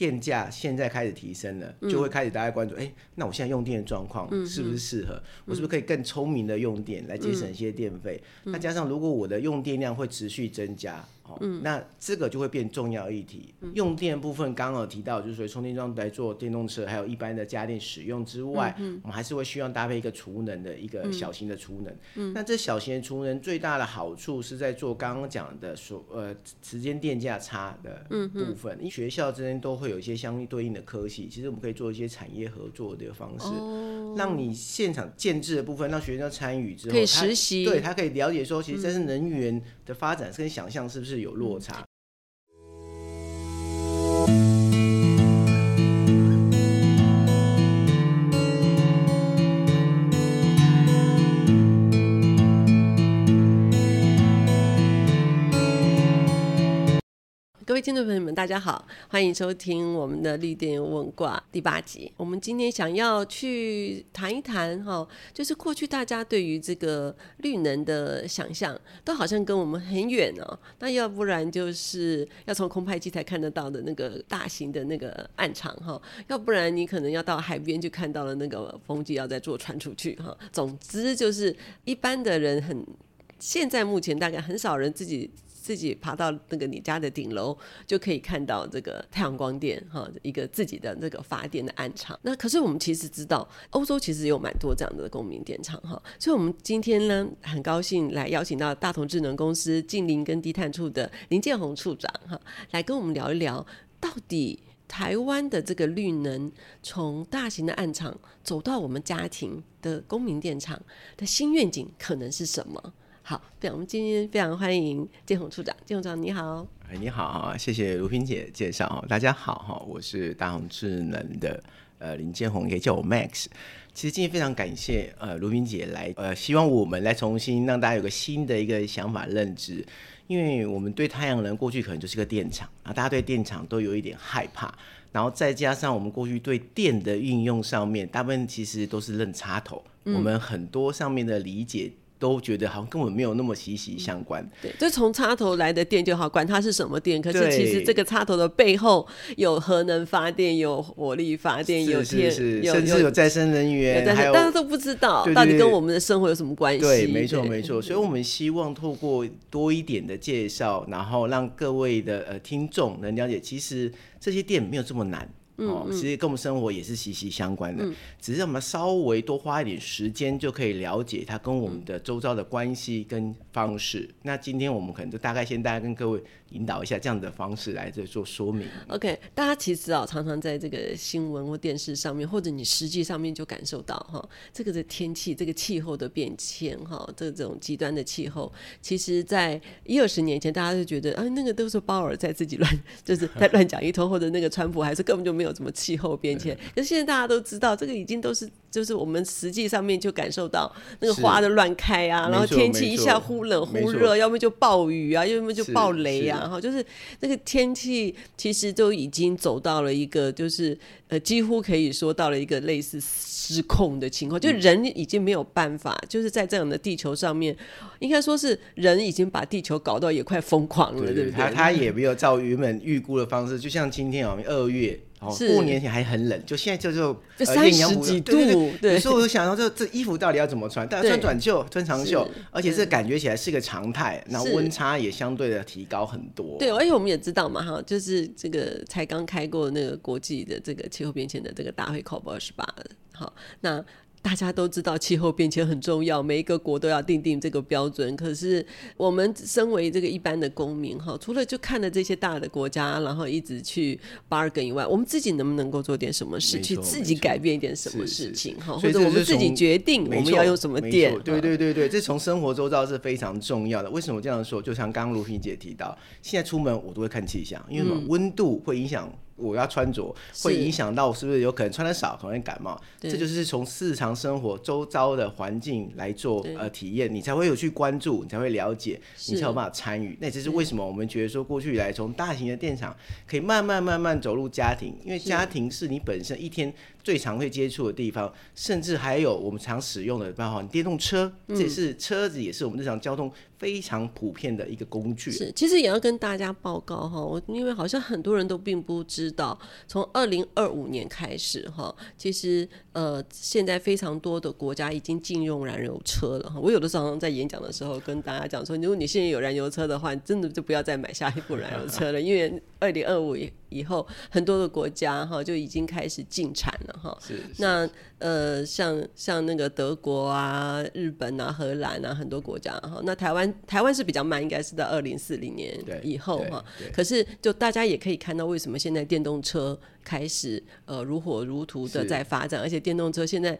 電價現在開始提升了，就會開始大家關注，哎，那我現在用電的狀況是不是適合？我是不是可以更聰明的用電來節省一些電費？那加上如果我的用電量會持續增加。嗯、哦，那這個就會變重要議題。嗯、用電部分，剛剛有提到，就是說充電樁來做電動車，還有一般的家電使用之外，嗯嗯、我們還是會需要搭配一個儲能的一個小型的儲能。嗯、那這小型的儲能最大的好處是在做剛剛講的所呃時間電價差的部分。嗯因、嗯、學校之間都會有一些相對應的科系，其實我們可以做一些產業合作的方式，哦、讓你現場建置的部分讓學生參與之後可以實習，對，他可以了解說其實這是能源。嗯發展跟想象是不是有落差？聽眾朋友們，大家好，歡迎收聽我們的綠電問卦第八集。我們今天想要去談一談哈，就是過去大家對於這個綠能的想象，都好像跟我們很遠哦。那要不然就是要從空拍機才看得到的那個大型的那個暗場哈，要不然你可能要到海邊就看到了那個風機，要再坐船出去哈。總之就是一般的人很，現在目前大概很少人自己。自己爬到那個你家的頂樓，就可以看到這個太陽光電哈，一個自己的那個發電的案場。那可是我們其實知道，歐洲其實有蠻多這樣的公民電廠哈。所以，我們今天呢，很高興來邀請到大同智能公司淨零跟低碳處的林建宏處長哈，來跟我們聊一聊，到底台灣的這個綠能從大型的案場走到我們家庭的公民電廠的新願景可能是什麼。好，對，我們今天非常歡迎建宏處長。建宏處長，你好。哎，你好啊，謝謝盧萍姐介紹。大家好哈，我是大同智能的呃林建宏，也可以叫我 Max。其實今天非常感謝呃盧萍姐來呃，希望我們來重新讓大家有個新的一個想法認知，因為我們對太陽能過去可能就是個電廠，啊，大家對電廠都有一點害怕，然後再加上我們過去對電的應用上面，大部分其實都是認插頭，嗯、我們很多上面的理解。都覺得好像跟我們沒有那麼息息相關。嗯、對，就從插頭來的電就好，管它是什麼電。可是其實這個插頭的背後有核能發電，有火力發電，對有電是，是是，有甚至有再生能源。有大家都不知道到底跟我們的生活有什麼關係？對，對沒錯沒錯。所以我們希望透過多一點的介紹， 然後讓各位的呃聽眾能了解，其實這些電沒有這麼難。哦，其實跟我們生活也是息息相關的，嗯、只是我們稍微多花一點時間，就可以了解它跟我們的周遭的關係跟方式。嗯、那今天我們可能就大概先大家跟各位引導一下這樣的方式來這做說明。OK，大家其實啊、哦，常常在這個新聞或電視上面，或者你實際上面就感受到哈、哦，這個的天氣、這個氣候的變遷哈、哦，這種極端的氣候，其實在一二十年前，大家就覺得啊、哎，那個都是鮑爾在自己亂，就是在亂講一通， 或者那個川普還是根本就沒有。什麼氣候變遷？那現在大家都知道，這個已經都是就是我們實際上面就感受到那個花的亂開啊，是然後天氣一下忽冷忽熱，錯要麼就暴雨啊，錯要麼就暴雨、啊、是就暴雷啊，哈，是就是那個天氣其實都已經走到了一個就是呃幾乎可以說到了一個類似失控的情況，嗯、就人已經沒有辦法就是在這樣的地球上面，應該說是人已經把地球搞到也快瘋狂了，是對不對？他、他也沒有照原本預估的方式，嗯、就像今天我們二月。哦、過年前還很冷，就現在就就三十幾度。所以、呃、對，對，對，你說我想到這這衣服到底要怎麼穿？大家對穿短袖，穿長袖，對而且這感覺起來是個常態。對然後溫差也相對的提高很多對。對，而且我們也知道嘛，哈，就是這個才剛開過那個國際的這個氣候變遷的這個大會 COP 二十八，好那。大家都知道氣候變遷很重要，每一個國都要訂定這個標準。可是我們身為這個一般的公民哈，除了就看着這些大的國家，然後一直去 bargain 以外，我們自己能不能夠做點什麼事，錯去自己改變一點什麼事情哈？錯或者我們自己決定我們要用什麼電？對對對對，這從生活周遭是非常重要的。為什麼這樣說？就像剛剛盧萍姐提到，現在出門我都會看氣象，因為什麼、嗯、溫度會影響。我要穿着，會影響到我是不是有可能穿得少，可能會感冒。對這就是從日常生活周遭的環境來做對呃體驗，你才會有去關注，你才會了解，是你才有辦法參與。那這是為什麼？我們覺得說過去以來，從大型的電廠可以慢慢慢慢走入家庭，因為家庭是你本身一天，最常會接觸的地方，甚至還有我們常使用的，比方說電動車，這也是車子，也是我們日常交通非常普遍的一個工具。嗯、是，其實也要跟大家報告哈，我因為好像很多人都並不知道，從二零二五年開始哈，其實呃，現在非常多的國家已經禁用燃油車了哈。我有的時候在演講的時候跟大家講說，如果你現在有燃油車的話，你真的就不要再買下一部燃油車了， 因為二零二五以以後，很多的國家哈就已經開始禁產了。好，是是是，那呃，像像那個德國啊、日本啊、荷蘭啊，很多國家哈、啊。那台灣台灣是比較慢，應該是在二零四零年以後哈、啊。對對對，可是，就大家也可以看到，為什麼現在電動車開始呃如火如荼的在發展，是 而且電動車現在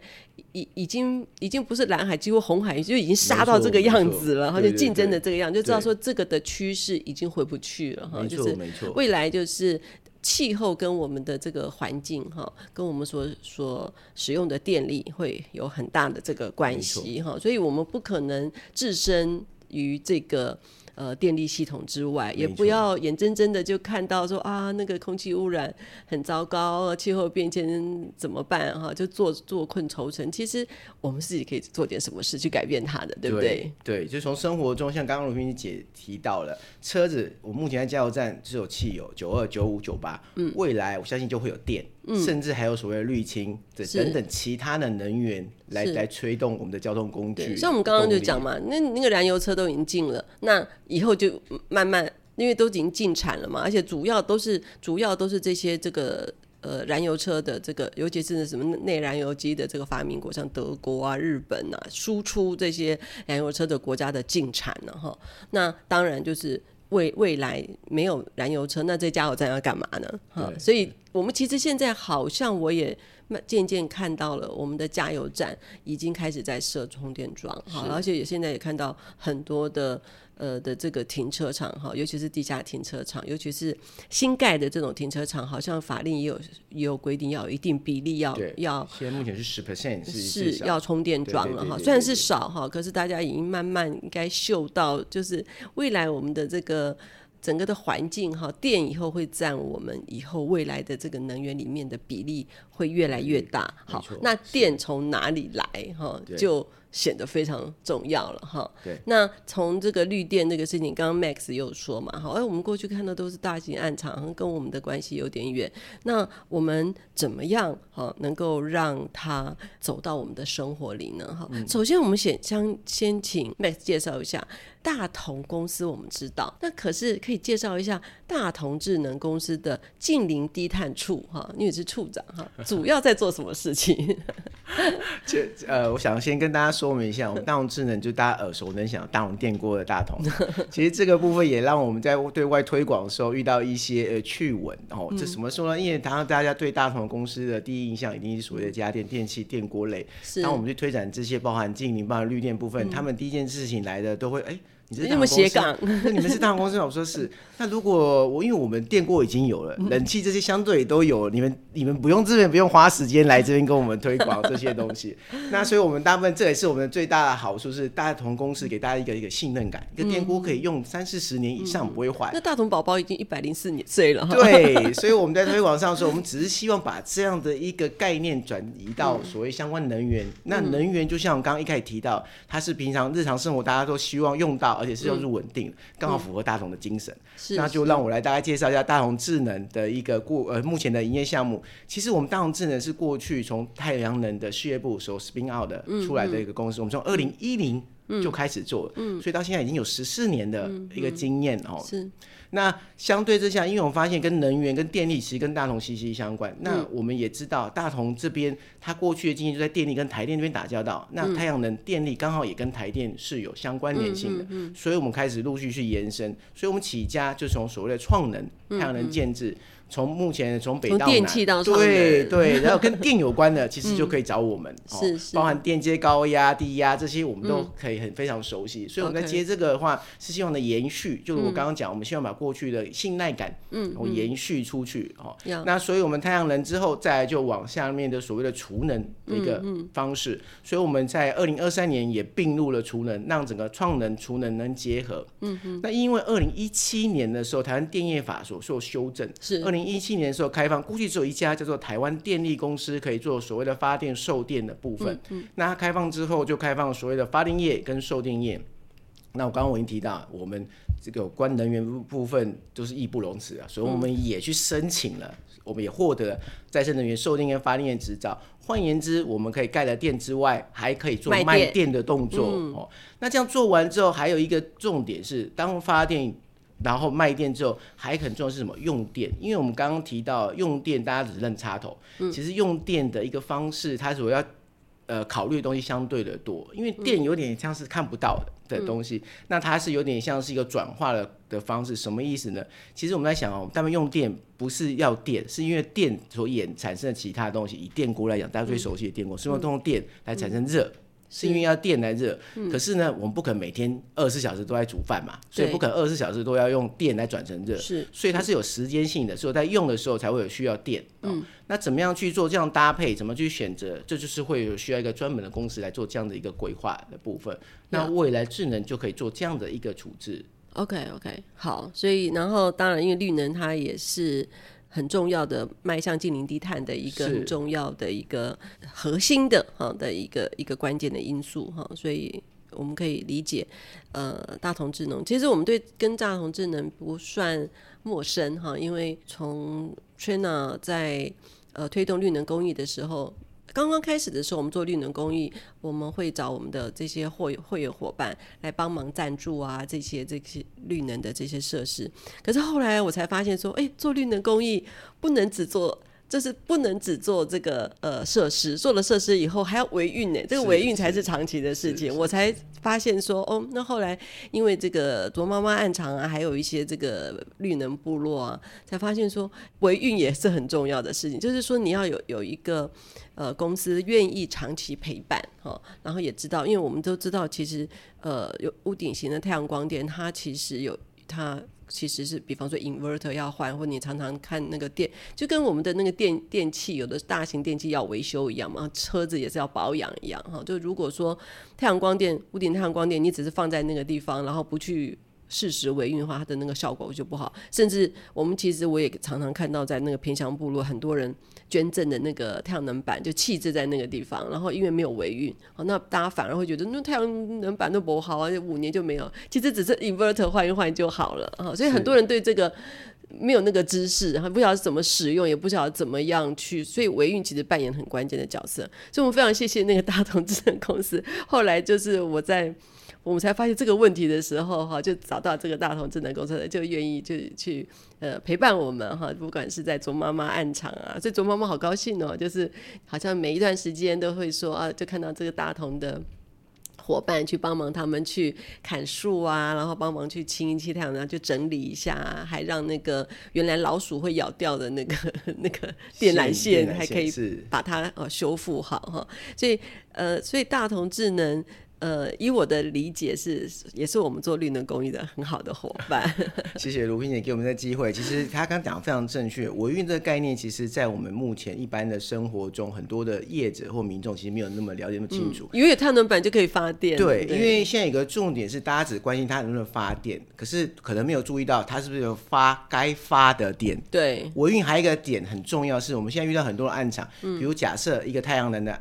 已已經已經不是藍海，幾乎紅海就已經殺到這個樣子了，沒錯 然後就競爭的這個樣子，對對對對，就知道說這個的趨勢已經回不去了哈、啊。對 就是沒錯沒錯，未來就是。氣候跟我們的這個環境哈，跟我們所所使用的電力會有很大的這個關係哈，沒錯。所以我們不可能置身於這個。呃，電力系統之外，也不要眼睜睜的就看到說啊，那個空氣污染很糟糕，氣候變遷怎麼辦哈、啊？就坐坐困愁城。其實我們自己可以做點什麼事去改變它的，對不對？沒錯 對，對，就從生活中，像剛剛盧萍姐提到了車子，我目前在加油站只有汽油九二、九五、九八，未來我相信就會有電。嗯甚至還有所謂的綠氫，嗯，等等等其他的能源來是來推動我們的交通工具工程。像我們剛剛就講嘛，那那個燃油車都已經禁了，那以後就慢慢，因為都已經禁產了嘛，而且主要都是主要都是這些這個呃燃油車的這個，尤其是什麼內燃油機的這個發明國，像德國啊，日本啊，輸出這些燃油車的國家的禁產了哈。那當然就是。未未來沒有燃油車，那這家伙在那幹嘛呢？哈，所以我們其實現在好像我也漸漸看到了，我們的加油站已經開始在設充電樁，好，是而且也現在也看到很多的呃的這個停車場哈，尤其是地下停車場，尤其是新蓋的這種停車場好，好像法令也有也有規定，要有一定比例要要，現在目前是十 percent 是，是要充電樁了哈，雖然是少哈，可是大家已經慢慢應該嗅到，就是未來我們的這個。整個的環境哈，電以後會佔我們以後未來的這個能源裡面的比例會越來越大。沒好，錯那電從哪裡來哈？就，顯得非常重要了哈。對。那從這個綠電這個事情，剛剛 Max 又說嘛，好，哎，我們過去看到都是大型暗場，跟我們的關係有點遠。那我們怎麼樣哈，能夠讓他走到我們的生活裡呢？哈、嗯，首先我們先先先請 Max 介紹一下大同公司，我們知道，那可是可以介紹一下大同智能公司的淨零低碳處哈，因為是處長哈，主要在做什麼事情？這 呃，我想先跟大家說。說明一下，大同智能就大家耳熟能詳大同電鍋的大同 其實這個部分也讓我們在對外推廣的時候遇到一些呃趣聞哦，這是什麼說呢？嗯、因為當然大家對大同公司的第一印象一定是所謂的家電、嗯、電器、電鍋類。是當我們去推展這些包含淨零、包含綠電部分，他們第一件事情來的都會哎。嗯欸你們這麼寫稿？那你們是大同公司嗎？我說是。那如果我，因為我們電鍋已經有了，冷氣這些相對都有，你們你們不用這邊不用花時間來這邊跟我們推廣這些東西。 那所以，我們大部分這也是我們最大的好處，是大同公司給大家一個一個信任感，一個電鍋可以用三四十年以上不會壞、嗯嗯。那大同寶寶已經一百零四年歲了，對。所以我們在推廣上說，我們只是希望把這樣的一個概念轉移到所謂相關能源。嗯、那能源就像我剛剛一開始提到，它是平常日常生活大家都希望用到。而且是又是穩定、嗯、剛好符合大同的精神。嗯、那就讓我來大概介紹一下大同智能的一個過呃目前的營業項目。其實我們大同智能是過去從太陽能的事業部所 spin out 的出來的一個公司。嗯嗯、我們從二零一零就開始做了，嗯，所以到現在已經有十四年的一個經驗哦、嗯嗯。是，那相對之下，因為我們發現跟能源、跟電力其實跟大同息息相關。嗯、那我們也知道大同這邊它過去的經驗就在電力跟台電這邊打交道。嗯、那太陽能電力剛好也跟台電是有相關聯性的，嗯嗯嗯、所以我們開始陸續去延伸。所以我們起家就從所謂的創能、太陽能建置。嗯嗯從目前從北到南，對對，然後跟電有關的，其實就可以找我們，是包含電接高壓、低壓這些，我們都可以很非常熟悉。所以我們在接這個的話，是希望的延續，就是我剛剛講，我們希望把過去的信賴感，嗯，然後延續出去，哦，那所以我們太陽能之後，再來就往下面的所謂的儲能的一個方式。所以我們在二零二三年也併入了儲能，讓整個創能、儲能能結合。嗯嗯。那因為二零一七年的時候，台灣電業法所受修正是二零，一七年的時候開放，估計只有一家叫做台灣電力公司可以做所謂的發電售電的部分。嗯嗯、那它開放之後，就開放所謂的發電業跟售電業。那我剛剛我已經提到，我們這個關能源部分都是義不容辭啊，所以我們也去申請了，嗯、我們也獲得了再生能源售電跟發電執照。換言之，我們可以蓋了電之外，還可以做賣電的動作。嗯、哦，那這樣做完之後，還有一個重點是，當發電。然後賣電之後，還很重要是什麼？用電，因為我們剛剛提到用電，大家只認插頭，嗯、其實用電的一個方式，它所要呃考慮的東西相對的多，因為電有點像是看不到的東西，嗯、那它是有點像是一個轉化了的，的方式，什麼意思呢？其實我們在想哦，我們用電不是要電，是因為電所衍產生的其他的東西，以電鍋來講，大家最熟悉的電鍋，嗯、是用電來產生熱。嗯嗯是因為要電來熱，是嗯、可是呢，我們不可能每天二十四小時都在煮飯嘛，對所以不可能二十四小時都要用電來轉成熱，是，所以它是有時間性的，所以在用的時候才會有需要電。嗯、哦，那怎麼樣去做這樣搭配？怎麼去選擇？這就是會有需要一個專門的公司來做這樣的一個規劃的部分。嗯、那未來智能就可以做這樣的一個處置。OK OK，好，所以然後當然，因為綠能它也是。很重要的邁向近零低碳的一個很重要的一個核心的哈的一個一個關鍵的因素哈，所以我們可以理解呃大同智能，其實我們對跟大同智能不算陌生哈，因為從 China 在呃推動綠能公益的時候。剛剛開始的時候，我們做綠能公益，我們會找我們的這些會會員夥伴來幫忙贊助啊，這些這些綠能的這些設施。可是後來我才發現，說，哎，做綠能公益不能只做。就是不能只做這個呃設施，做了設施以後還要維運呢，是這個維運才是長期的事情。我才發現說，哦，那後來因為這個卓媽媽案場啊，還有一些這個綠能部落啊，才發現說維運也是很重要的事情。就是說你要有有一個呃公司願意長期陪伴哈、哦，然後也知道，因為我們都知道其實呃有屋頂型的太陽光電，它其實有它。其實是，比方說 inverter 要換，或你常常看那個電，就跟我們的那個電電器，有的大型電器要維修一樣嘛，車子也是要保養一樣哈、哦。就如果說太陽光電，屋頂太陽光電，你只是放在那個地方，然後不去適時維運的話，它的那個效果就不好。甚至我們其實我也常常看到在那個偏鄉部落，很多人。捐贈的那個太陽能板就棄置在那個地方，然後因為沒有維運，哦，那大家反而會覺得那太陽能板都不好啊，就五年就沒有，其實只是 inverter 換一換就好了啊，所以很多人對這個沒有那個知識，還是不曉得怎麼使用，也不曉得怎麼樣去，所以維運其實扮演很關鍵的角色，所以我們非常謝謝那個大同智能公司。後來就是我在。我們才發現這個問題的時候，哈，就找到這個大同智能公司，就願意就去呃陪伴我們哈，不管是在卓媽媽案場啊，所以卓媽媽好高興哦、喔，就是好像每一段時間都會說啊，就看到這個大同的夥伴去幫忙他們去砍樹啊，然後幫忙去清一清太陽，然後就整理一下、啊，還讓那個原來老鼠會咬掉的那個那個電纜線，還可以把它哦修復好哈。所以呃，所以大同智能。呃，以我的理解是，也是我們做綠能公益的很好的夥伴。 謝謝盧萍姐給我們的機會。其實他剛剛講得非常正確，維運這個概念，其實在我們目前一般的生活中，很多的業者或民眾其實沒有那麼了解那麼清楚。嗯、因為太陽能板就可以發電？對，對，因為現在有一個重點是，大家只關心它能不能發電，可是可能沒有注意到它是不是有發該發的電。對，維運還有一個點很重要，是我們現在遇到很多的案場，嗯、比如假設一個太陽能的。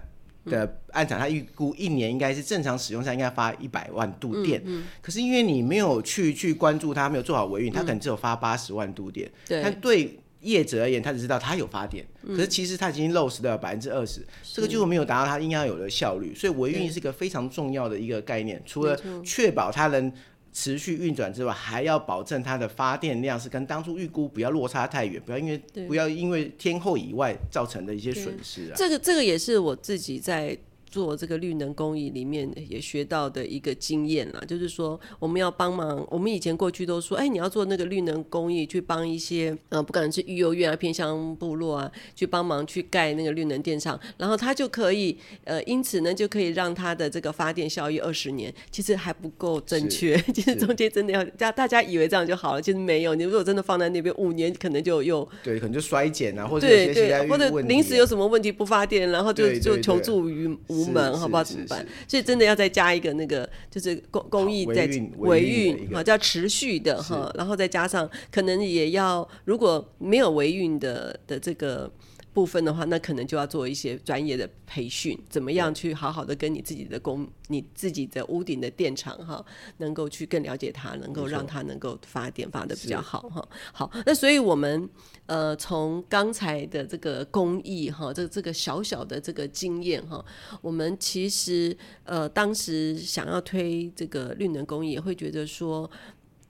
的案場，他預估一年應該是正常使用下應該發一百萬度電，嗯嗯、可是因為你沒有去去關注它，沒有做好維運，它、嗯、可能只有發八十萬度電。嗯、但對業者而言，他只知道他有發電，嗯、可是其實他已經漏失掉百分之二十，嗯、這個就沒有達到他應該要有的效率。所以維運是一個非常重要的一個概念，嗯、除了確保它能。持續運轉之外，還要保證它的發電量是跟當初預估不要落差太遠，不要因為對不要因為天候以外造成的一些損失、啊。這個這個也是我自己在。做這個綠能公益裡面也學到的一個經驗了，就是說我們要幫忙。我們以前過去都說，哎，你要做那個綠能公益，去幫一些呃，不管是育幼院啊、偏鄉部落啊，去幫忙去蓋那個綠能電廠，然後它就可以呃，因此呢就可以讓它的這個發電效益二十年，其實還不夠正確。是 其實中間真的要大家以為這樣就好了，其實沒有。你如果真的放在那邊，五年可能就又對，對，可能就衰減啊，或者對對，對對，或者臨時有什麼問題不發電，然後就就求助於。無門，好不好？怎麼辦？所以真的要再加一個那個，就是公公益在維運，哈，叫持續的哈是是，然後再加上可能也要，如果沒有維運的的這個。部分的話，那可能就要做一些專業的培訓，怎麼樣去好好的跟你自己的工、你自己的屋頂的電廠哈，能夠去更了解它，能夠讓它能夠發電發的比較好哈。是好，那所以我們呃從剛才的這個工藝哈，這、呃、這個小小的這個經驗哈、呃，我們其實呃當時想要推這個綠能工藝，也會覺得說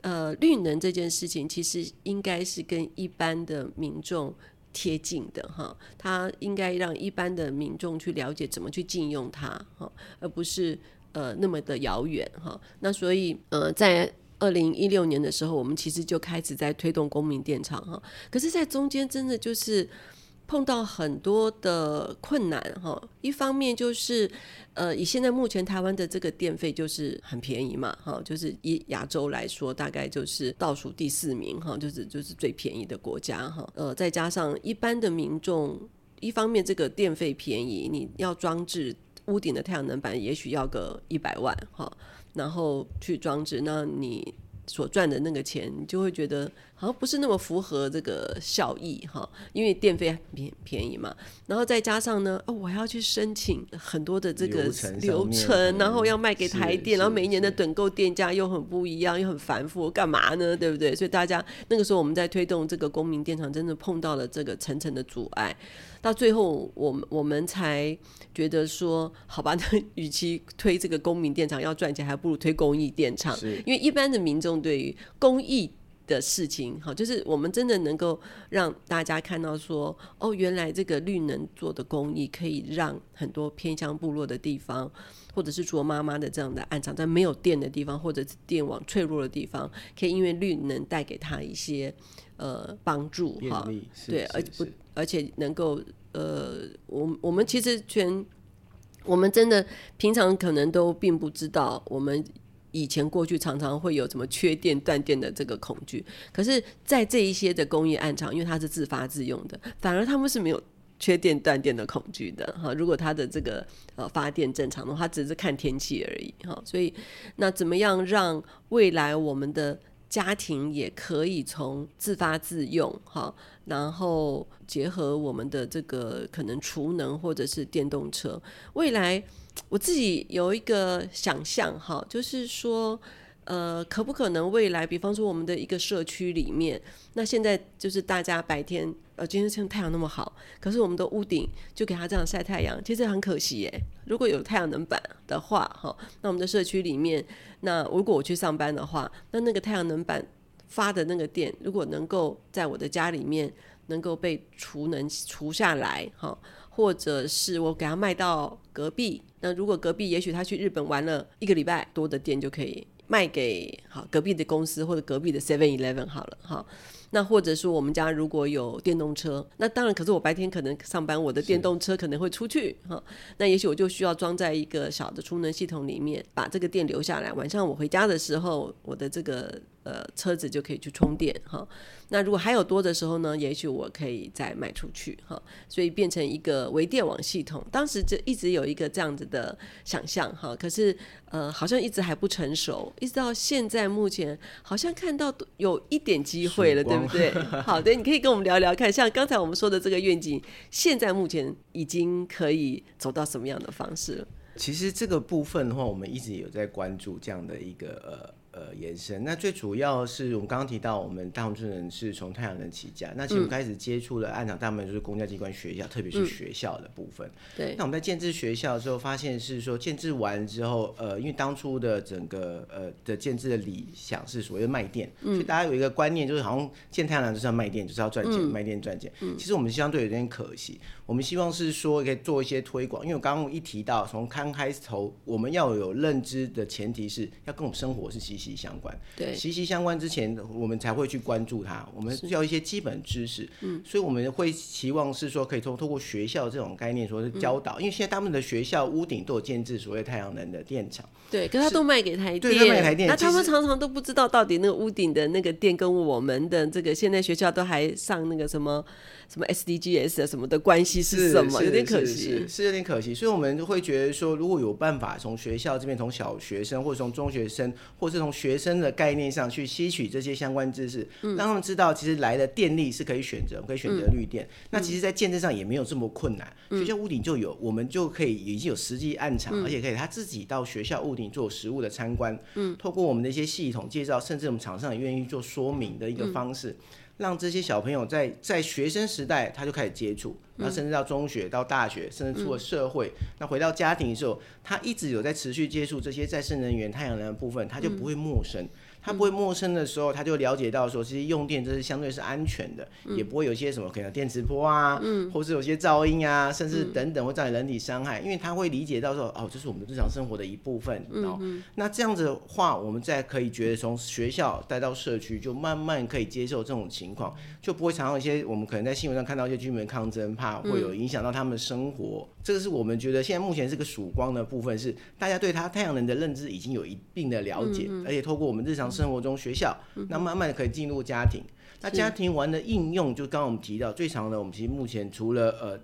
呃綠能這件事情其實應該是跟一般的民眾。貼近的哈，它應該讓一般的民眾去了解怎麼去近用它哈，而不是呃那麼的遙遠哈。那所以呃，在二零一六年的時候，我們其實就開始在推動公民電廠哈，可是，在中間真的就是。碰到很多的困難哈，一方面就是，呃，以現在目前台灣的這個電費就是很便宜嘛，哈，就是以亞洲來說，大概就是倒數第四名哈，就是就是最便宜的國家哈，呃，再加上一般的民眾，一方面這個電費便宜，你要裝置屋頂的太陽能板，也許要個一百萬哈，然後去裝置，那你。所賺的那個錢，你就會覺得好像不是那麼符合這個效益哈，因為電費很便便宜嘛。然後再加上呢，哦，還我要去申請很多的這個流程，流程然後要賣給台電，是是是是然後每一年的躉購電價又很不一樣，又很繁複，幹嘛呢？對不對？所以大家那個時候我們在推動這個公民電廠，真的碰到了這個層層的阻礙。到最後，我我們才覺得說，好吧，那與其推這個公民電廠要賺錢，還不如推公益電廠。是因為一般的民眾對於公益的事情，哈，就是我們真的能夠讓大家看到說，哦，原來這個綠能做的公益可以讓很多偏鄉部落的地方，或者是做媽媽的這樣的案場，在沒有電的地方，或者是電網脆弱的地方，可以因為綠能帶給他一些呃幫助哈，對，而且不。而且能夠呃，我們我們其實全我們真的平常可能都並不知道，我們以前過去常常會有什麼缺電斷電的這個恐懼。可是，在這一些的工業案場，因為它是自發自用的，反而他們是沒有缺電斷電的恐懼的哈。如果它的這個呃發電正常的話，只是看天氣而已哈。所以，那怎麼樣讓未來我們的？家庭也可以從自發自用哈，然後結合我們的這個可能儲能或者是電動車。未來我自己有一個想象哈，就是說，呃，可不可能未來，比方說我們的一個社區裡面，那現在就是大家白天。呃，今天像太陽那麼好，可是我們的屋頂就給它這樣曬太陽，其實很可惜耶。如果有太陽能板的話，哈，那我們的社區裡面，那如果我去上班的話，那那個太陽能板發的那個電，如果能夠在我的家裡面能夠被儲能儲下來，哈，或者是我給它賣到隔壁，那如果隔壁也許他去日本玩了一個禮拜多的電就可以賣給好隔壁的公司或者隔壁的 Seven Eleven 好了，哈。那或者說我們家如果有電動車，那當然，可是我白天可能上班，我的電動車可能會出去哈是、哦，那也許我就需要裝在一個小的儲能系統裡面，把這個電留下來，晚上我回家的時候，我的這個。呃，車子就可以去充電哈。那如果還有多的時候呢？也許我可以再賣出去哈。所以變成一個微電網系統。當時就一直有一個這樣子的想象哈。可是呃，好像一直還不成熟，一直到現在目前，好像看到有一點機會了，光對不對？好的，你可以跟我們聊聊看。像剛才我們說的這個願景，現在目前已經可以走到什麼樣的方式了？其實這個部分的話，我們一直有在關注這樣的一個呃。呃，延伸，那最主要是我們剛剛提到，我們大同智能是從太陽能起家。那其實我們開始接觸的案場，大部分就是公家機關、學校，嗯、特別是學校的部分。對。那我們在建置學校的時候，發現是說建置完之後，呃，因為當初的整個呃的建置的理想是所謂的賣電，嗯、所以大家有一個觀念就是好像建太陽能就是要賣電，就是要賺錢，嗯、賣電賺錢。嗯、其實我們相對有點可惜，我們希望是說可以做一些推廣，因為我剛剛一提到從開開頭，我們要有認知的前提是要跟我們生活是息息。相關，對，息息相關。之前我們才會去關注它，我們需要一些基本知識。嗯，所以我們會期望是說，可以通通過學校這種概念，說是教導。嗯、因為現在他們的學校屋頂都有建置所謂太陽能的電廠，對，跟是他都賣給台電，對他賣給台電。那他們常常都不知道到底那個屋頂的那個電跟我們的這個現在學校都還上那個什麼什麼 SDGs 啊什麼的關係是什麼？有點可惜，是，是，是，是有點可惜。所以我們會覺得說，如果有辦法從學校這邊從小學生或者從中學生，或者是從學生的概念上去吸取這些相關知識，讓他們知道，其實來的電力是可以選擇，我們可以選擇綠電。嗯、那其實，在建設上也沒有這麼困難，嗯、學校屋頂就有，我們就可以已經有實際案場，嗯、而且可以他自己到學校屋頂做實物的參觀。嗯，透過我們的一些系統介紹，甚至我們廠商也願意做說明的一個方式。嗯嗯讓這些小朋友在在學生時代他就開始接觸，那、嗯、甚至到中學、到大學，甚至出了社會，那、嗯、回到家庭的時候，他一直有在持續接觸這些再生能源、太陽能的部分，他就不會陌生。嗯他不會陌生的時候，他就了解到說，其實用電這是相對是安全的，嗯、也不會有些什麼可能電磁波啊，嗯、或者有些噪音啊，甚至等等會造成人體傷害。嗯、因為他會理解到說，哦，這、就是我們日常生活的一部分。哦，嗯、哼那這樣子的話，我們再可以覺得從學校帶到社區，就慢慢可以接受這種情況，就不會常常有一些我們可能在新聞上看到一些居民抗爭，怕會有影響到他們的生活。嗯這個是我們覺得現在目前是個曙光的部分，是大家對他太陽能的認知已經有一定的了解，嗯、哼而且透過我們日常生活中學校，嗯、哼那慢慢的可以進入家庭。嗯、哼那家庭玩的應用，就剛剛我們提到，是最常的我們其實目前除了呃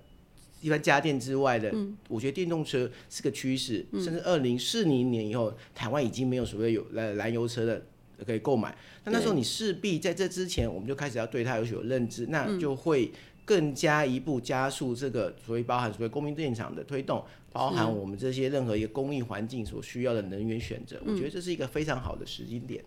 一般家電之外的，嗯、我覺得電動車是個趨勢，嗯、甚至二零四零年以後，台灣已經沒有所謂的有來燃油車的可以購買。但，嗯、那，那時候你勢必在這之前，我們就開始要對它有所認知，那就會。更加一步加速這個，所以包含所謂公民電廠的推動，包含我們這些任何一個供應環境所需要的能源選擇，是嗯、我覺得這是一個非常好的時間點。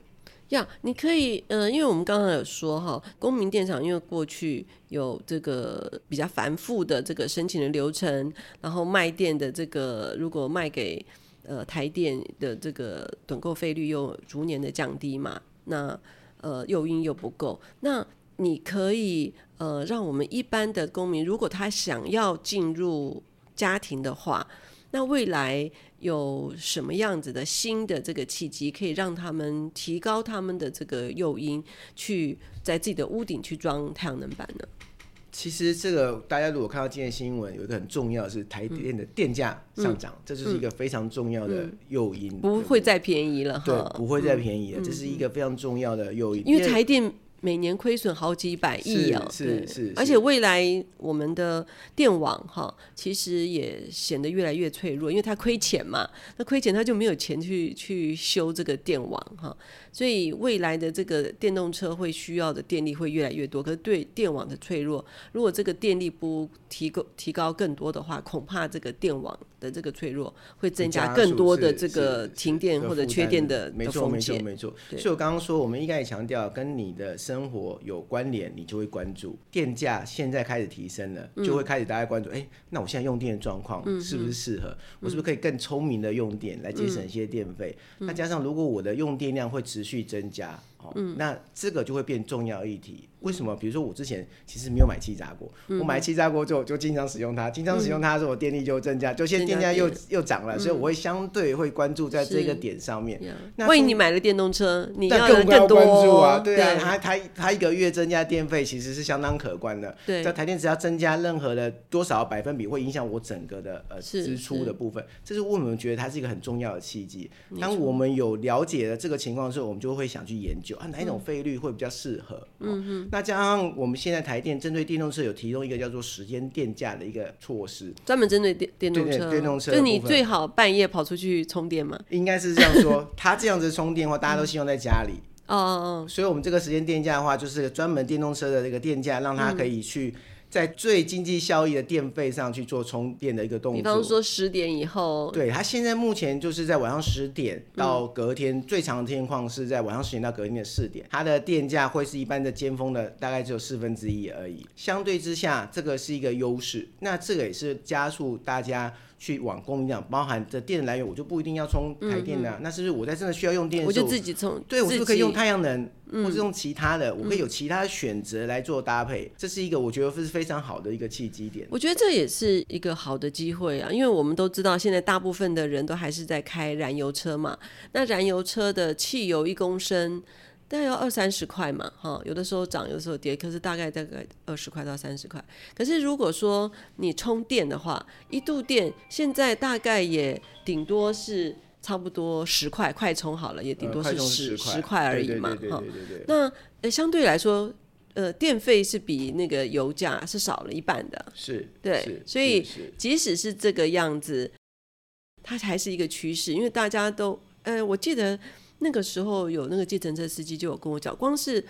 呀、嗯，yeah, 你可以，呃，因為我們剛剛有說哈，公民電廠因為過去有這個比較繁複的這個申請的流程，然後賣電的這個如果賣給呃台電的這個躉購費率又逐年的降低嘛，那呃誘因又不夠那。你可以呃，讓我們一般的公民，如果他想要進入家庭的話，那未來有什麼樣子的新的這個契機，可以讓他們提高他們的這個誘因，去在自己的屋頂去裝太陽能板呢？其實這個大家如果看到今天新聞，有一個很重要的是台電的電價上漲，嗯、這就是一個非常重要的誘因，不會再便宜了哈，對呵不會再便宜了，嗯、這是一個非常重要的誘因，因為台電。每年虧損好幾百億啊，是是，而且未來我們的電網哈，其實也顯得越來越脆弱，因為它虧錢嘛，那虧錢它就沒有錢去去修這個電網哈，所以未來的這個電動車會需要的電力會越來越多，可是對電網的脆弱，如果這個電力不提高提高更多的話，恐怕這個電網的這個脆弱會增加更多的這個停電或者缺電的的風險。沒錯沒錯沒錯。所以我剛剛說，我們應該強調跟你的。生活有關聯，你就會關注電價現在開始提升了，就會開始大家關注。欸，那我現在用電的狀況是不是適合？我是不是可以更聰明的用電來節省一些電費？那加上如果我的用電量會持續增加。嗯，那這個就會變重要議題。為什麼？比如說我之前其實沒有買氣炸鍋，我買氣炸鍋之後就經常使用它，經常使用它的時候電力就增加，就現在電價又又漲了，所以我會相對會關注在這個點上面。那為你買了電動車，你要更多關注啊，對啊，他他一個月增加電費其實是相當可觀的。對，在台電只要增加任何的多少百分比，會影響我整個的呃支出的部分，這是為什麼覺得它是一個很重要的契機。當我們有了解了這個情況之後，我們就會想去研究。哪一種費率會比較適合？嗯嗯，哦、嗯哼，那加上我們現在台電針對電動車有提供一個叫做時間電價的一個措施，專門針對電電動車。對,對,對電動車你最好半夜跑出去充電嘛？應該是這樣說，他 這樣子充電的話，大家都希望在家裡。哦哦哦，所以我們這個時間電價的話，就是專門電動車的這個電價，讓他可以去。在最經濟效益的電費上去做充電的一個動作，比方說十點以後，對。它現在目前就是在晚上十點到隔天，最長的情況是在晚上十點到隔天的四點，它的電價會是一般的尖峰的大概只有四分之一而已，相對之下這個是一個優勢，那這個也是加速大家去往供應量，包含着電的來源，我就不一定要充台電啦、啊。嗯嗯，那是不是我在真的需要用電，我就自己充？對，我就可以用太陽能，己嗯、或者用其他的，我可以有其他的選擇來做搭配。嗯、這是一個我覺得是非常好的一個契機點。我覺得這也是一個好的機會啊，因為我們都知道現在大部分的人都還是在開燃油車嘛。那燃油車的汽油一公升。大概要二三十塊嘛，哈、哦，有的時候漲，有的時候跌，可是大概大概二十塊到三十塊。可是如果說你充電的話，一度電現在大概也頂多是差不多十塊，快充好了也頂多是十、呃、是十塊而已嘛，哈、哦。那、欸、相對來說，呃，電費是比那個油價是少了一半的，是對，是所以即使是這個樣子，它還是一個趨勢，因為大家都，呃，我記得。那個時候有那個計程車司機就有跟我講，光是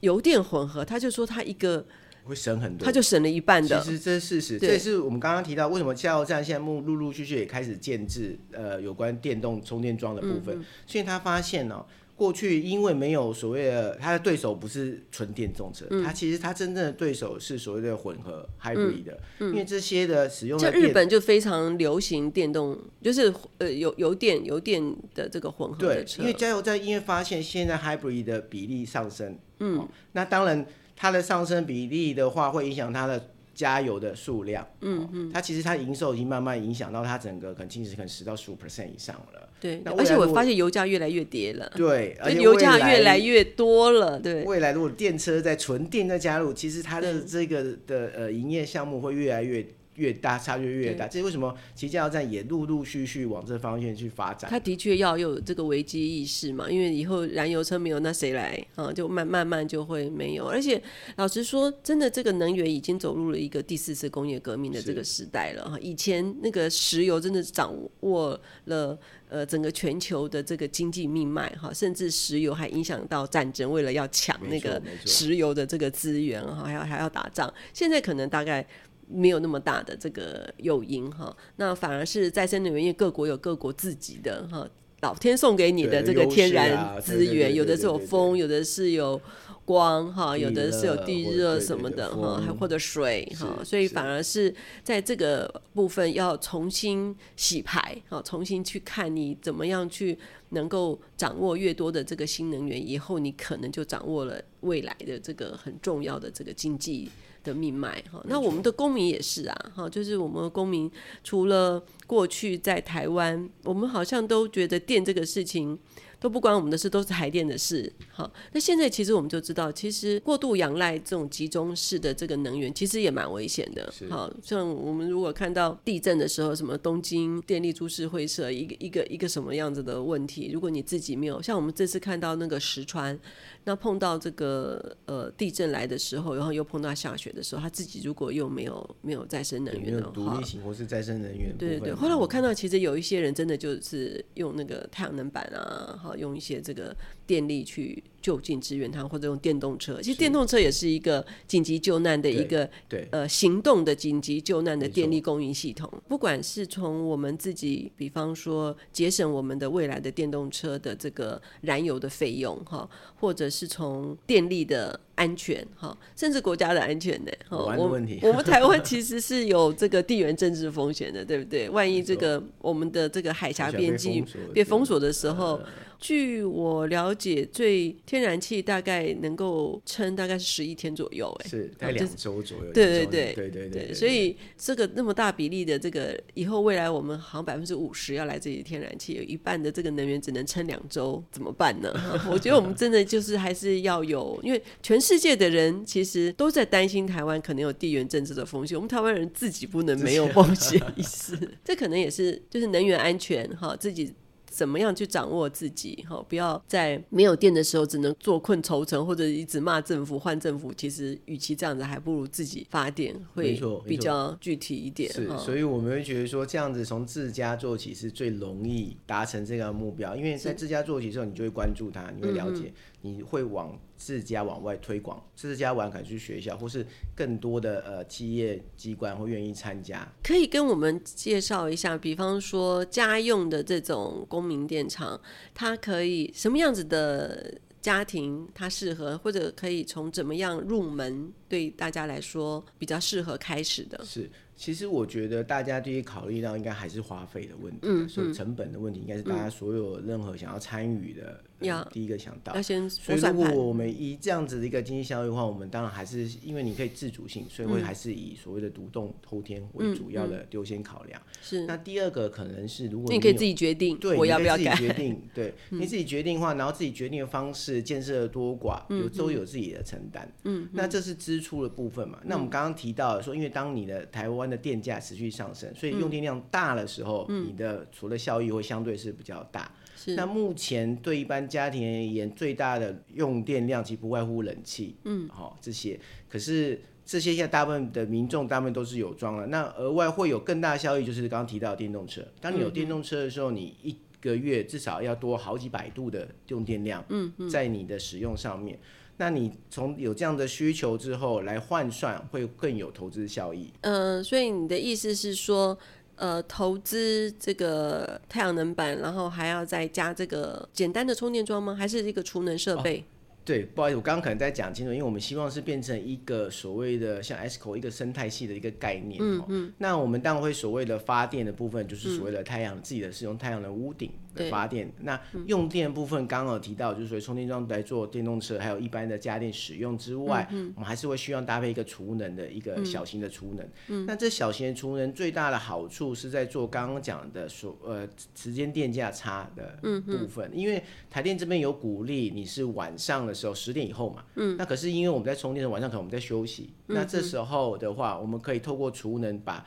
油電混合，他就說他一個會省很多，他就省了一半的。其實這是事實，對這也是我們剛剛提到為什麼加油站現在陸陸續續也開始建置呃，有關電動充電樁的部分，嗯嗯，所以他發現呢、喔。過去因為沒有所謂的他的對手不是純電動車，他、嗯、其實他真正的對手是所謂的混合 hybrid，的，嗯嗯、因為這些的使用在日本就非常流行電動，就是呃油油電油電的這個混合對，因為加油站因為發現現在 hybrid 的比例上升，嗯、喔，那當然它的上升比例的話會影響它的加油的數量，嗯嗯、喔，它其實它營收已經慢慢影響到它整個可能淨值可能十到十五 percent 以上了。對，而且我發現油價越來越跌了。對，而油價越來越多了。對，未來如果電車在純電再加入，其實它的這個的對呃營業項目會越來越越大差距越大，對這為什麼？其實加油站也陸陸續續往這方向去發展。他的確要有這個危機意識嘛，因為以後燃油車沒有，那誰來啊？就慢慢慢就會沒有。而且老實說，真的這個能源已經走入了一個第四次工業革命的這個時代了哈。是以前那個石油真的掌握了呃整個全球的這個經濟命脈哈、啊，甚至石油還影響到戰爭，為了要搶那個石油的這個資源哈、啊，還要還要打仗。現在可能大概。沒有那麼大的這個誘因哈，那反而是再生能源，各國有各國自己的哈，老天送給你的這個天然資源，啊、有的是有風，對對對對對，有的是有光哈，有的是有地熱什麼的哈，或還或者水哈，是所以反而是在這個部分要重新洗牌啊，重新去看你怎麼樣去能夠掌握越多的這個新能源，以後你可能就掌握了未來的這個很重要的這個經濟。的命脈哈，那我們的公民也是啊，哈，就是我們的公民除了過去在台灣，我們好像都覺得電這個事情。都不關我們的事，都是台電的事。好，那現在其實我們就知道，其實過度仰賴這種集中式的這個能源，其實也蠻危險的。好，像我們如果看到地震的時候，什麼東京電力株式會社一個一個一個什麼樣子的問題，如果你自己沒有像我們這次看到那個石川，那碰到這個呃地震來的時候，然後又碰到下雪的時候，他自己如果又沒有沒有再生能源的話，獨立型或是再生能源對對對。後來我看到，其實有一些人真的就是用那個太陽能板啊，好。用一些這個電力去就近支援他，或者用電動車。其實電動車也是一個緊急救難的一個呃行動的緊急救難的電力供應系統。不管是從我們自己，比方說節省我們的未來的電動車的這個燃油的費用哈，或者是從電力的。安全哈，甚至國家的安全呢？哦，我們我們台灣其實是有這個地緣政治風險的，對不對？萬一這個我們的這個海峽邊際被封鎖的時候，對呃、據我了解，最天然氣大概能夠撐大概是十一天左右，哎，是，大概兩週左右。對對對對對對，所以這個那麼大比例的這個以後未來我們好像百分之五十要來這裡天然氣，有一半的這個能源只能撐兩週，怎麼辦呢？ 我覺得我們真的就是還是要有，因為全。世界的人其實都在擔心台灣可能有地緣政治的風險，我們台灣人自己不能沒有風險意識。這， 這可能也是就是能源安全哈，自己怎麼樣去掌握自己哈，不要在沒有電的時候只能坐困愁城或者一直罵政府換政府。其實，與其這樣子，還不如自己發電，會比較具體一點。是，齁所以我們會覺得說，這樣子從自家做起是最容易達成這個目標，是因為在自家做起之後，你就會關注它，你會了解，嗯、哼你會往。自家往外推廣，自家玩，可以去學校或是更多的呃企業機關會願意參加。可以跟我們介紹一下，比方說家用的這種公民電廠，它可以什麼樣子的家庭它適合，或者可以從怎麼樣入門，對大家來說比較適合開始的。是，其實我覺得大家第一考慮到應該還是花費的問題的，嗯嗯，所以成本的問題應該是大家所有任何想要參與的。嗯嗯嗯要、嗯、第一個想到，要先，所以如果我們以這樣子的一個經濟效益的話，我們當然還是因為你可以自主性，所以會還是以所謂的獨棟透天為主要的優先考量。嗯嗯、是，那第二個可能是，如果你，你可以自己決定，對我要不要改，自己決定對、嗯、你自己決定的話，然後自己決定的方式，建設的多寡、嗯、有都有自己的承擔。嗯，那這是支出的部分嘛。嗯、那我們剛剛提到的說，因為當你的台灣的電價持續上升，所以用電量大的時候，嗯、你的除了效益會相對是比較大。那目前對一般家庭而言，最大的用電量其實不外乎冷氣，嗯，好這些。可是這些現在大部分的民眾，大部分都是有裝了。那額外會有更大的效益，就是剛剛提到的電動車。當你有電動車的時候，你一個月至少要多好幾百度的用電量，嗯，在你的使用上面。嗯嗯、那你從有這樣的需求之後來換算，會更有投資效益。嗯、呃，所以你的意思是說？呃，投資這個太陽能板，然後還要再加這個簡單的充電樁嗎？還是一個儲能設備？哦，對，不好意思，我剛剛可能在講清楚，因為我們希望是變成一個所謂的像 Sco 一個生態系的一個概念，哦嗯。嗯，那我們當然會所謂的發電的部分，就是所謂的太陽，嗯、自己的，是用太陽能屋頂。對發電，那用電部分剛剛有提到，嗯、就是說充電樁來做電動車，還有一般的家電使用之外，嗯嗯、我們還是會需要搭配一個儲能的一個小型的儲能。嗯、那這小型的儲能最大的好處是在做剛剛講的所呃時間電價差的部分，嗯嗯、因為台電這邊有鼓勵你是晚上的時候十、嗯、點以後嘛，嗯、那可是因為我們在充電的時候晚上可能我們在休息，嗯嗯、那這時候的話，我們可以透過儲能把。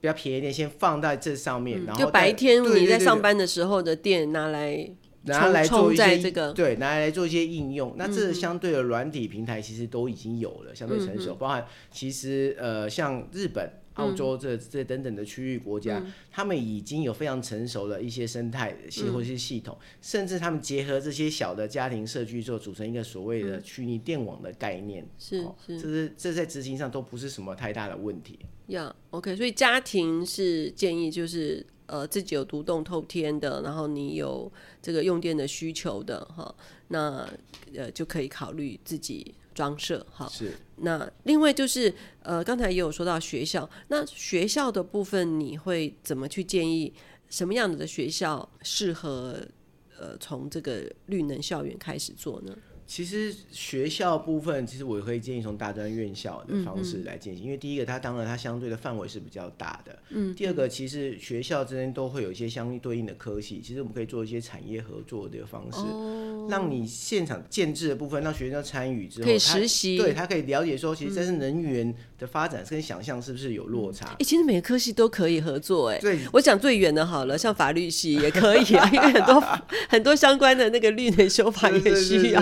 比較便宜點，先放在這上面，嗯、然後就白天你在上班的時候的電拿來對對對對，拿來做一些，在這個對拿來來做一些應用，嗯、哼那這相對的軟體平台其實都已經有了，嗯、哼相對成熟，包含其實呃像日本。澳洲這這等等的區域國家，嗯嗯、他們已經有非常成熟的一些生態系或者系統，嗯、甚至他們結合這些小的家庭社區，做組成一個所謂的虛擬電網的概念。嗯、是是、喔、是，這是這在執行上都不是什麼太大的問題。呀、yeah，OK，所以家庭是建議就是呃自己有獨棟透天的，然後你有這個用電的需求的哈、喔，那呃就可以考慮自己。裝設好，是，那另外就是呃，剛才也有說到學校，那學校的部分你會怎麼去建議，什麼樣的學校適合呃從這個綠能校園開始做呢？其實學校部分，其實我也可以建議從大專院校的方式來進行，嗯嗯，因為第一個，它當然它相對的範圍是比較大的。嗯，嗯。第二個，其實學校之間都會有一些相對應的科系，其實我們可以做一些產業合作的方式，哦、讓你現場建制的部分，讓學生參與之後可以實習，對，他可以了解說，其實真正能源的發展跟想象是不是有落差？哎、嗯欸，其實每個科系都可以合作，欸，哎，對，我講最遠的好了，像法律系也可以啊， 因為很多 很多相關的那個綠能修法也需要。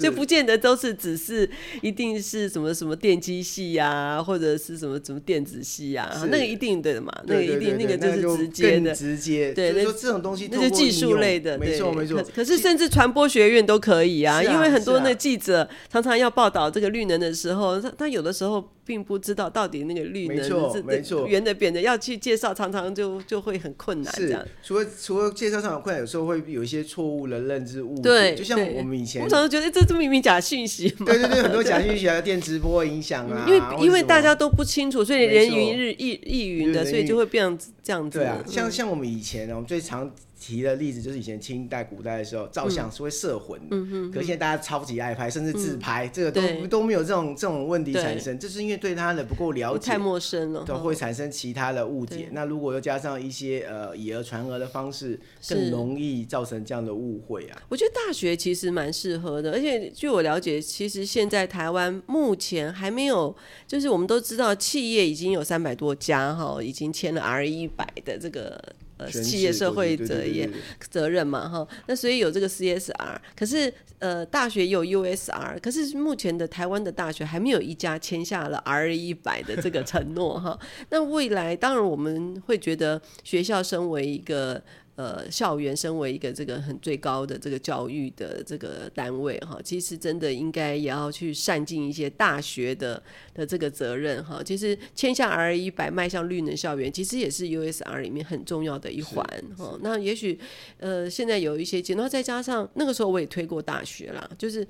就不見得都是只是一定是什麼什麼電機系呀，或者是什麼什麼電子系呀，那個一定對的嘛，那個一定那個就是直接的，直接對。所以這種東西那些技術類的沒錯沒錯。可是甚至傳播學院都可以啊，因為很多那記者常常要報道這個綠能的時候，他他有的時候。並不知道到底那個綠能的是的圓的扁的，要去介紹常常就就會很困難是啊。除了除了介紹上有困難，有時候會有一些錯誤的認知誤對，就像我們以前，我常常覺得、欸、這是這明明假訊息嘛。對對對，很多假訊息還、啊、有對電磁波影響啊。因為因為大家都不清楚，所以人云日亦,亦云的，錯所以就會變成這樣子。對,樣子對啊，像像我們以前，嗯、我們最常。提的例子就是以前清代古代的時候，照相是會攝魂嗯，嗯哼，嗯，可現在大家超級愛拍，甚至自拍，嗯、這個都對都沒有這種這種問題產生，這對是因為對他的不夠了解，太陌生了，都會產生其他的誤解。哦、那如果又加上一些呃以訛傳訛的方式，更容易造成這樣的誤會啊。我覺得大學其實蠻適合的，而且據我了解，其實現在台灣目前還沒有，就是我們都知道企業已經有三百多家哈，已經簽了 R 一百的這個。呃，誓企業社會責任責任嘛，哈、哦，那所以有這個 CSR，可是呃，大學也有 USR，可是目前的台灣的大學還沒有一家簽下了 RE100 的這個承諾，哈、 哦，那未來當然我們會覺得學校身為一個。呃，校園身為一個這個很最高的這個教育的這個單位哈，其實真的應該也要去善盡一些大學的的這個責任哈。其實簽下 R 一百邁向綠能校園，其實也是 USR 裡面很重要的一環、哦、那也許呃，現在有一些，然後再加上那個時候我也推過大學啦，就是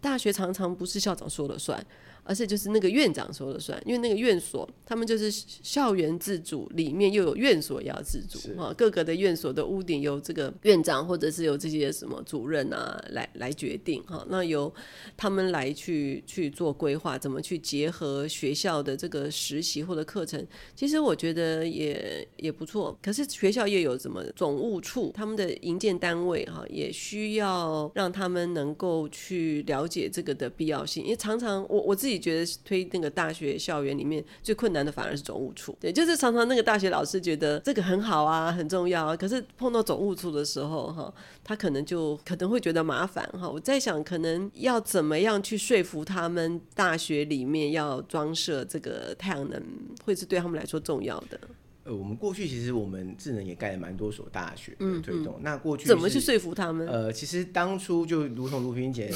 大學常常不是校長說了算。而且就是那個院長說了算，因為那個院所他們就是校園自主，裡面又有院所要自主哈，是各個的院所的屋頂由這個院長或者是由這些什麼主任啊來來決定哈。那由他們來去去做規劃，怎麼去結合學校的這個實習或者課程，其實我覺得也也不錯。可是學校也有什麼總務處，他們的營建單位哈，也需要讓他們能夠去了解這個的必要性，因為常常我我自己。覺得推那個大學校園裡面最困難的反而是總務處，也就是常常那個大學老師覺得這個很好啊，很重要啊，可是碰到總務處的時候，哈，他可能就可能會覺得麻煩哈。我在想，可能要怎麼樣去說服他們，大學裡面要裝設這個太陽能，會是對他們來說重要的。呃，我們過去其實我們智能也蓋了蠻多所大學的推動。那過去怎麼去說服他們？呃，其實當初就如同盧萍姐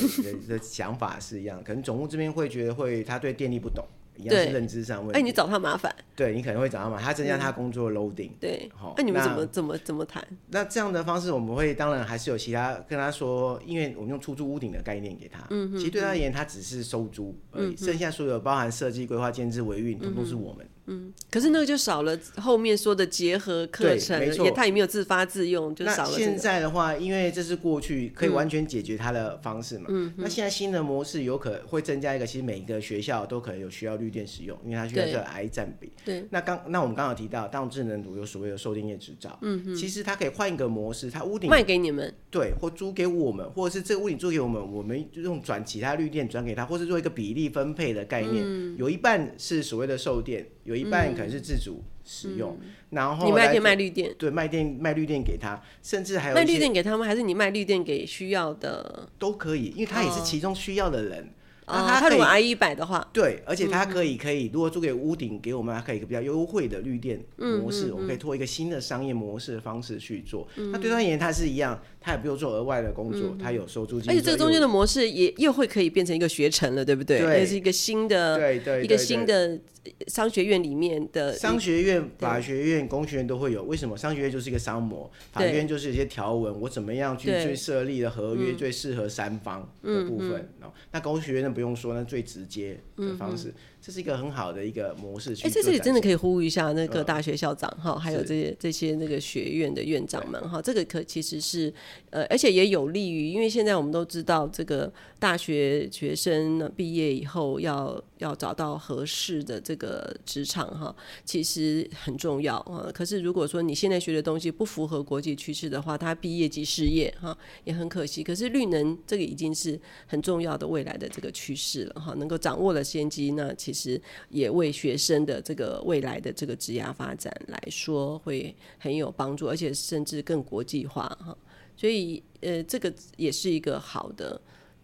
的想法是一樣，可能總務這邊會覺得會，他對電力不懂，一樣是認知上問題。哎，你找他麻煩？對，你可能會找他麻煩，他增加他工作 loading。對，齁，那你們怎麼怎麼怎麼談？那這樣的方式，我們會當然還是有其他跟他說，因為我們用出租屋頂的概念給他。嗯，其實對他而言，他只是收租而已，剩下所有包含設計、規劃、建制、維運，統統是我們。嗯，可是那個就少了後面說的結合課程，對沒錯，也它也沒有自發自用，就少了、這個。那現在的話，因為這是過去可以完全解決它的方式嘛。嗯，那現在新的模式有可能會增加一個，其實每一個學校都可能有需要綠電使用，因為它需要這 I 佔比。對。那剛那我們剛好提到，大同智能屋有所謂的售電業執照，嗯嗯哼，其實它可以換一個模式，它屋頂賣給你們，對，或租給我們，或者是這個屋頂租給我們，我們就用轉其他綠電轉給他，或是做一個比例分配的概念，嗯、有一半是所謂的售電，有。一。一半可能是自主使用，嗯嗯、然後你賣電賣綠電，對，賣電賣綠電給他，甚至還有賣綠電給他們，還是你賣綠電給需要的都可以，因為他也是其中需要的人，啊、哦哦，他如果挨一百的話，對，而且他可以、嗯、可以可以，如果租給屋頂給我們，他可以一個比較優惠的綠電模式，嗯嗯、我們可以拖一個新的商業模式的方式去做，那、嗯、對他而言人他是一樣。他也不用做額外的工作，他有收租金。而且這個中間的模式也又會可以變成一個學程了，對不對？對，是一個新的，對對對，一個新的商學院裡面的。商學院、法學院、工學院都會有。為什麼？商學院就是一個商模，法學院就是一些條文，我怎麼樣去最設立的合約最適合三方的部分。那工學院那不用說，那最直接的方式，這是一個很好的一個模式。哎，這裡真的可以呼籲一下那個大學校長哈，還有這些這些那個學院的院長們哈，這個可其實是。呃，而且也有利於，因為現在，我們都知道，這個大學學生畢業以後要要找到合適的這個職場哈，其實很重要啊。可是如果說你現在學的東西不符合國際趨勢的話，他畢業即失業哈，也很可惜。可是綠能這個已經是很重要的未來的這個趨勢了哈，能夠掌握了先機，那其實也為學生的這個未來的這個職業發展來說會很有幫助，而且甚至更國際化哈。所以，呃，這個也是一個好的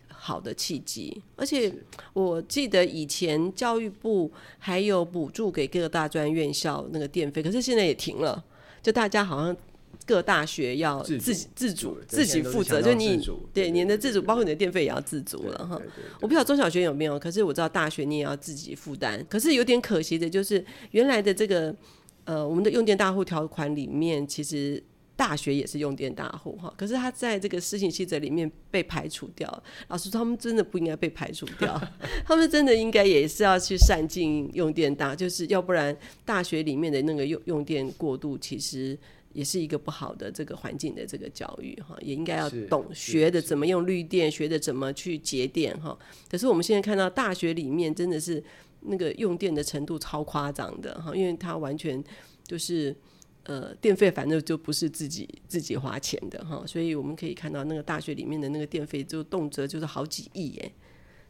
好的契機。而且我記得以前教育部還有補助給各個大專院校那個電費，可是現在也停了。就大家好像各大學要自己自主、自己負責，就你對你的自主，包括你的電費也要自主了哈。我不曉得中小學有沒有，可是我知道大學你也要自己負擔。可是有點可惜的就是原來的這個，呃，我們的用電大戶條款裡面其實。大學也是用電大戶哈，可是他在這個施行細則裡面被排除掉，老實說，他們真的不應該被排除掉， 他們真的應該也是要去善盡用電大，就是要不然大學裡面的那個用用電過度，其實也是一個不好的這個環境的這個教育哈，也應該要懂學的怎麼用綠電，學的怎麼去節電哈。可是我們現在看到大學裡面真的是那個用電的程度超誇張的哈，因為它完全就是。呃，電費反正就不是自己自己花錢的哈，所以我們可以看到那個大學裡面的那個電費就動輒就是好幾億耶，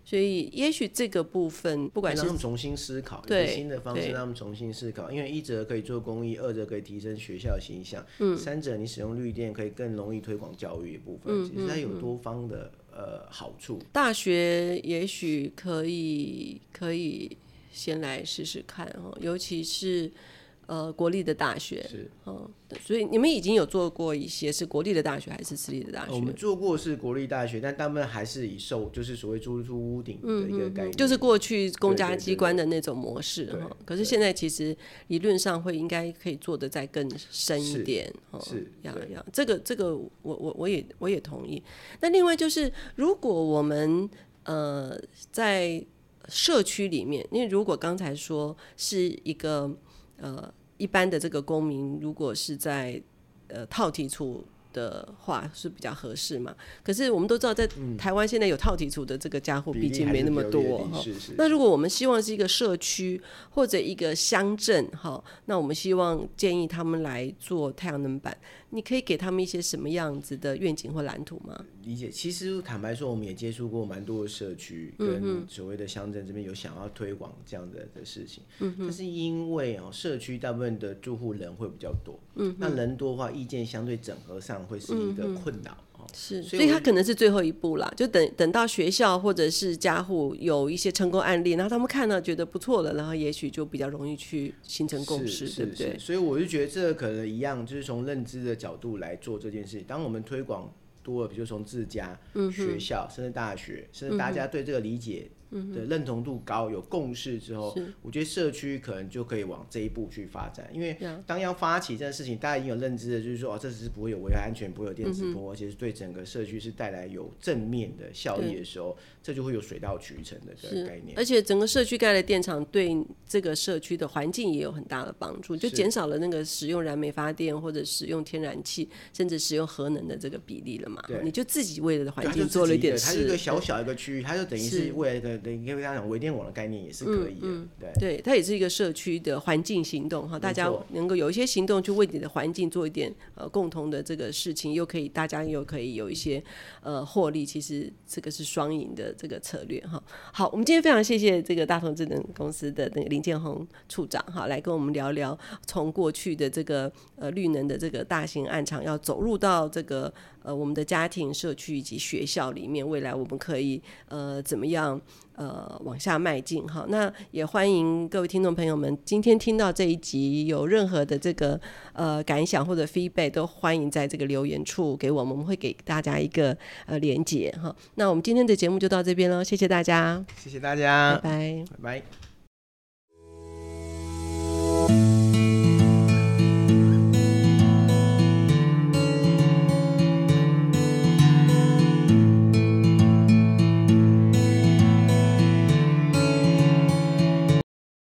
所以也許這個部分不管是讓他們重新思考，對，新的方式，讓他們重新思考，因為一則可以做公益，對二者可以提升學校形象，嗯，三者你使用綠電可以更容易推廣教育的部分，其實它有多方的嗯嗯嗯呃好處。大學也許可以可以先來試試看哦，尤其是。呃，國立的大學是，嗯、哦，所以你們已經有做過一些是國立的大學還是私立的大學？我們做過的是國立大學，但大部分還是以受就是所謂租租屋頂的一個概念嗯嗯，就是過去公家機關的那種模式哈、哦。可是現在其實理論上會應該可以做得再更深一點，是，呀呀，這個這個我我我也我也同意。那另外就是如果我們呃在社區裡面，因為如果剛才說是一個。呃，一般的這個公民如果是在呃套體處的話是比較合適嘛。可是我們都知道，在台灣現在有套體處的這個家戶，畢竟沒那麼多。那如果我們希望是一個社區或者一個鄉鎮哈、哦，那我們希望建議他們來做太陽能板，你可以給他們一些什麼樣子的願景或藍圖嗎？理解，其實坦白說，我們也接觸過蠻多的社區跟所謂的鄉鎮這邊有想要推廣這樣的的事情，嗯、哼但是因為哦、喔，社區大部分的住戶人會比較多，嗯哼，那人多的話，意見相對整合上會是一個困擾、喔嗯哼，哦，是，所以它可能是最後一步啦，就等等到學校或者是家戶有一些成功案例，然後他們看到覺得不錯了，然後也許就比較容易去形成共識，對不對？所以我就覺得這可能一樣，就是從認知的角度來做這件事。當我們推廣。多，比如從自家學校，嗯、哼甚至大學，甚至大家對這個理解的認同度高，嗯、哼有共識之後，是我覺得社區可能就可以往這一步去發展。因為當要發起這件事情，嗯、哼大家已經有認知的，就是說哦，這只是不會有危害安全，不會有電磁波，嗯、哼而且是對整個社區是帶來有正面的效益的時候，對這就會有水到渠成的這個概念。而且整個社區蓋的電廠對。這個社區的環境也有很大的幫助，就減少了那個使用燃煤發電或者使用天然氣，甚至使用核能的這個比例了嘛？對，你就自己為了的環境做了一點事。它是一個小小一個區域，它對就等於是未來的，是等，給大家講微電網的概念也是可以的。嗯嗯、對，對，它也是一個社區的環境行動哈，錯大家能夠有一些行動去為你的環境做一點呃共同的這個事情，又可以大家又可以有一些呃獲利，其實這個是雙贏的這個策略哈。好，我們今天非常謝謝這個大同智能公司的那個林建宏處長，好，來跟我們聊聊從過去的這個呃綠能的這個大型案場，要走入到這個呃我們的家庭、社區以及學校裡面，未來我們可以呃怎麼樣呃往下邁進？哈，那也歡迎各位聽眾朋友們今天聽到這一集有任何的這個呃感想或者 feedback，都歡迎在這個留言處給我們，我們會給大家一個呃連接。哈，那我們今天的節目就到這邊了，謝謝大家，謝謝大家，拜拜，拜拜。